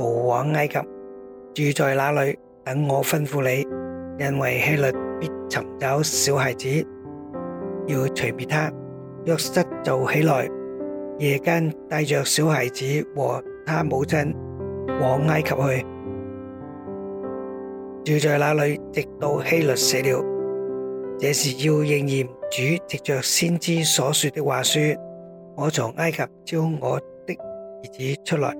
逃往埃及，住在那裡等我吩咐你。因為希律必尋找小孩子，要除滅他。約瑟就起來，夜間帶着小孩子和他母親往埃及去，住在那裡，直到希律死了。這是要應驗主藉着先知所說的話：說，我從埃及召我的兒子出來。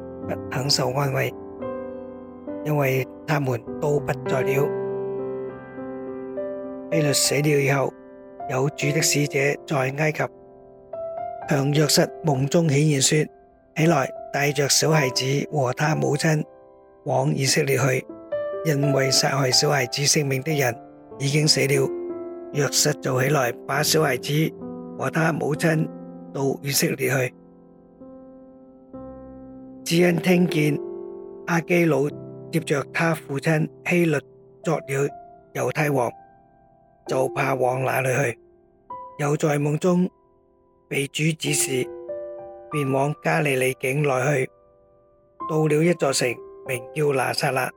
肯受安慰，因為他們都不在了。希律死了以後，有主的使者在埃及向約瑟夢中顯現，說：起來，帶着小孩子和他母親往以色列去，因為殺害小孩子性命的人已經死了。約瑟就起來，把小孩子和他母親到以色列去。只因聽見阿基老接着他父親希律作了猶太王，就怕往哪裡去，又在夢中被主指示，便往加利利境內去。到了一座城，名叫拿撒勒，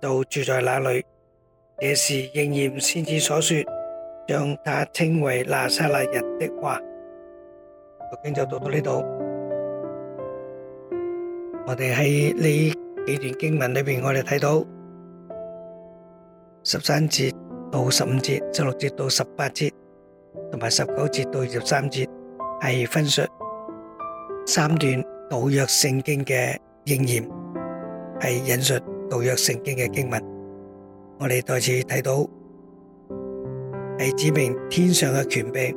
就住在那裡。這時應驗先知所說，將他稱為拿撒勒人的話。聖經就讀到呢度。我哋喺呢幾段經文裏邊，我哋睇到十三節到十五節、十六節到十八節，同埋十九節到二十三節係分述三段道約聖經嘅應驗，係引述道約聖經嘅經文。我哋再次睇到係指明天上嘅權柄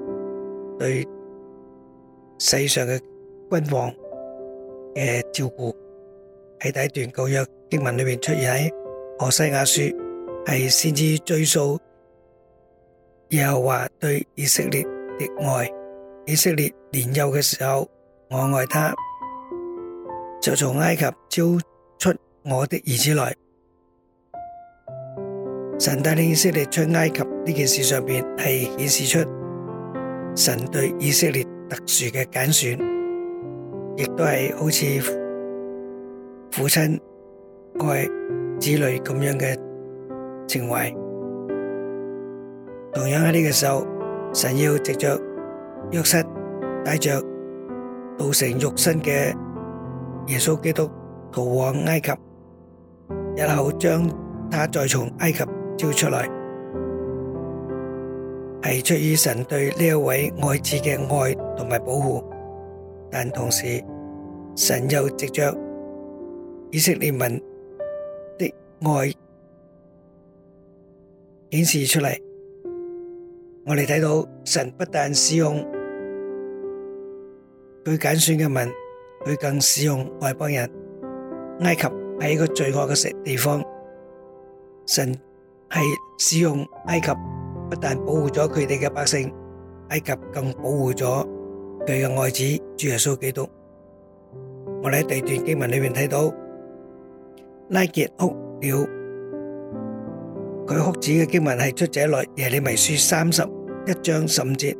對世上嘅君王。嘅照顧。喺第一段舊約經文裏邊出現喺何西阿書，係先至追溯，耶和華對以色列的愛。以色列年幼嘅時候，我愛他，就從埃及召出我的兒子來。神帶領以色列出埃及呢件事上邊，係顯示出神對以色列特殊嘅揀選。亦都係好似父親愛子女咁樣嘅情懷，同樣喺呢個時候，神要藉着約瑟帶着道成肉身嘅耶穌基督逃往埃及，日後將他再從埃及召出來，係出於神對呢一位愛子嘅愛同埋保護。但同時，神又藉着以色列民的愛顯示出嚟。我哋睇到神不但使用佢揀選嘅民，佢更使用外邦人。埃及係一個罪惡嘅食地方，神係使用埃及，不但保護咗佢哋嘅百姓，埃及更保護咗。佢嘅愛子主耶穌基督，我哋喺第二段經文裏邊睇到拉結哭了，佢哭子嘅經文係出自耶利米書三十一章十五節，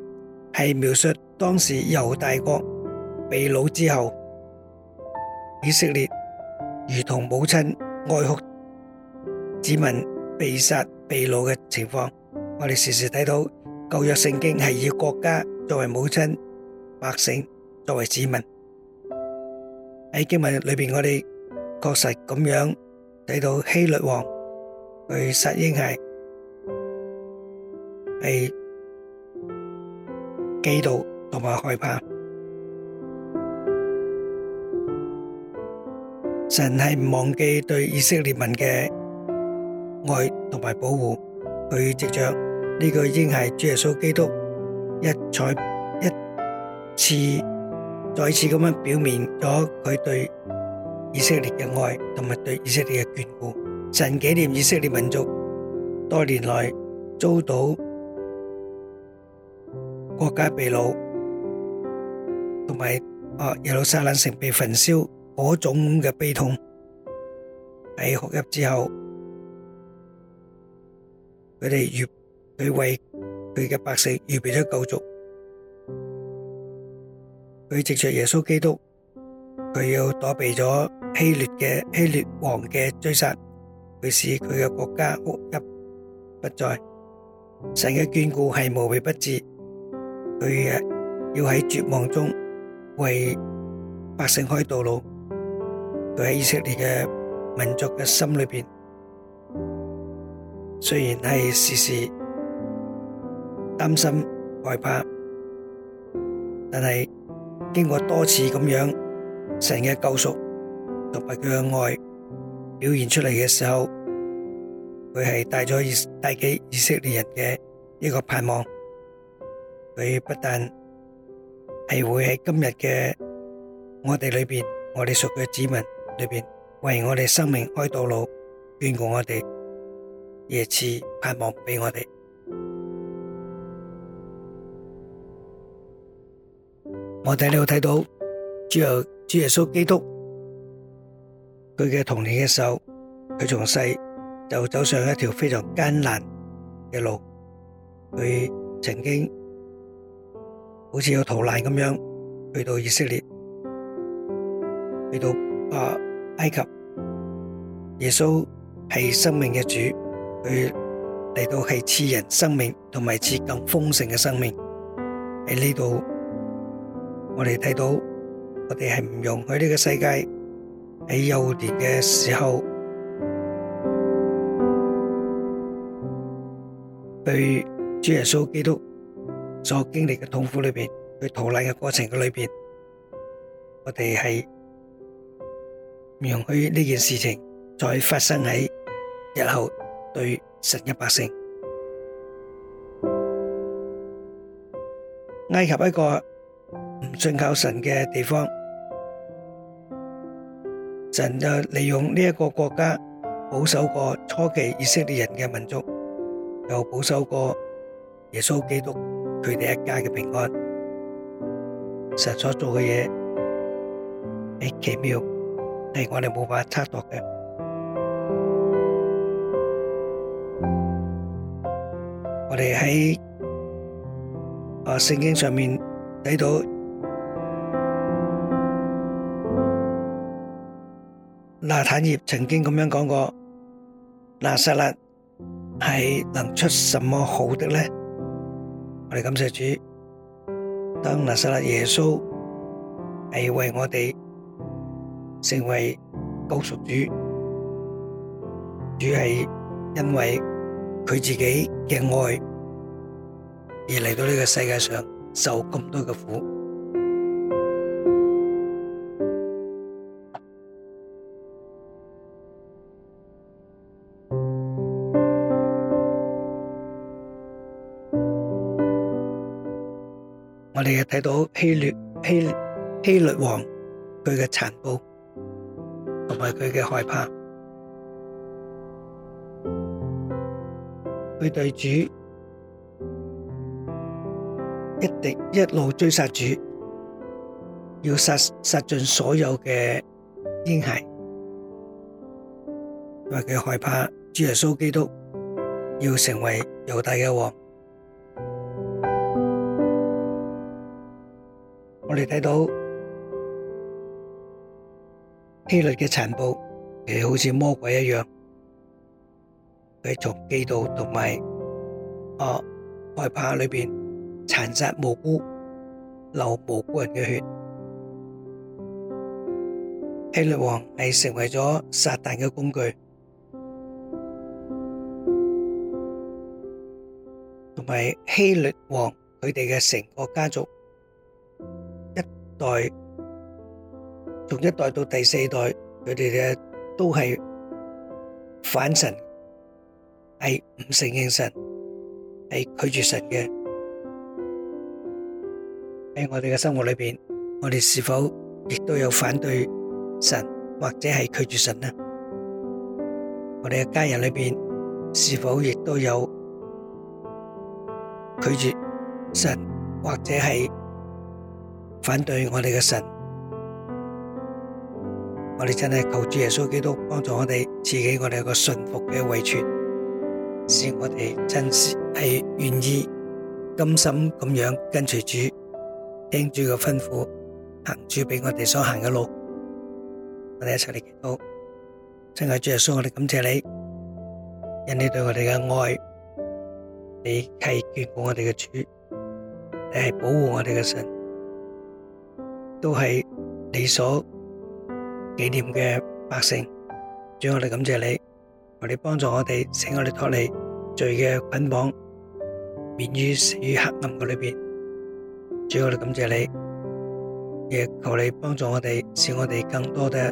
係描述當時猶大國被擄之後，以色列如同母親愛哭子民被殺被擄嘅情況。我哋時時睇到舊約聖經係以國家作為母親。百姓作為子民喺經文裏邊，我哋確實咁樣睇到希律王佢實應係係嫉妒同埋害怕，神係唔忘記對以色列民嘅愛同埋保護，佢直着呢個已經係主耶穌基督一采，次再次咁樣表明咗佢對以色列嘅愛，同埋對以色列嘅眷顧。神紀念以色列民族多年來遭到國家被擄，同埋啊耶路撒冷城被焚燒嗰種嘅悲痛。喺哭泣之後，佢哋預佢為佢嘅百姓預備咗救助。佢藉著耶穌基督，佢要躲避咗希律嘅希律王嘅追殺，佢使佢嘅國家烏吉不在。神嘅眷顧係無微不至，佢要喺絕望中為百姓開道路。佢喺以色列嘅民族嘅心裏邊，雖然係時時擔心害怕，但係。經過多次咁樣神嘅救贖同埋佢嘅愛表現出嚟嘅時候，佢係帶咗以帶俾以色列人嘅一個盼望。佢不但係會喺今日嘅我哋裏邊，我哋屬嘅子民裏邊，為我哋生命開道路，眷顧我哋，以此盼望俾我哋。我哋呢度睇到主又主耶穌基督，佢嘅童年嘅時候，佢從細就走上一條非常艱難嘅路，佢曾經好似有逃難咁樣去到以色列，去到啊埃及。耶穌係生命嘅主，佢嚟到係賜人生命同埋賜更豐盛嘅生命喺呢度。我哋睇到，我哋係唔容許呢個世界喺幼年嘅時候，對主耶穌基督所經歷嘅痛苦裏面，去逃難嘅過程嘅裏邊，我哋係唔容許呢件事情再發生喺日後對神嘅百姓。埃及一個。唔信靠神嘅地方，神就利用呢一個國家保守過初期以色列人嘅民族，又保守過耶穌基督佢哋一家嘅平安。神所做嘅嘢係奇妙，係我哋無法測度嘅。我哋喺啊聖經上面睇到。拿坦葉曾經噉樣講過：拿撒勒係能出什麼好的呢？我哋感謝主，當拿撒勒耶穌係為我哋成為救贖主，主係因為佢自己嘅愛而嚟到呢個世界上受咁多嘅苦。我哋亦睇到希律，希律，希律王佢嘅殘暴，同埋佢嘅害怕。佢對主一直一路追殺主，要殺殺盡所有嘅嬰孩，因為佢害怕主耶穌基督要成為猶太嘅王。我哋睇到希律嘅殘暴，其實好似魔鬼一樣，佢從嫉妒同埋啊害怕裏面殘殺無辜，流無辜人嘅血。希律王係成為咗撒旦嘅工具，同埋希律王佢哋嘅成個家族。代從一代到第四代，佢哋嘅都係反神，係唔承認神，係拒絕神嘅。喺我哋嘅生活裏邊，我哋是否亦都有反對神或者係拒絕神呢？我哋嘅家人裏邊，是否亦都有拒絕神或者係？反對我哋嘅神，我哋真係求主耶穌基督幫助我哋，賜俾我哋個順服嘅位權，使我哋真係願意甘心咁樣跟隨主，聽主嘅吩咐，行主俾我哋所行嘅路。我哋一齊嚟祈禱，真係主耶穌，我哋感謝你，因你對我哋嘅愛，你係眷顧我哋嘅主，你係保護我哋嘅神。都係你所紀念嘅百姓，主我哋感謝你，求你幫助我哋，使我哋脫離罪嘅捆綁，免於死於黑暗嘅裏面。主我哋感謝你，亦求你幫助我哋，使我哋更多嘅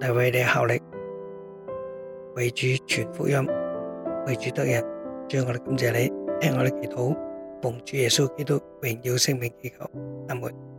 嚟為你效力，為主傳福音，為主得人。主我哋感謝你，聽我哋祈禱，奉主耶穌基督榮耀聖名祈求阿門。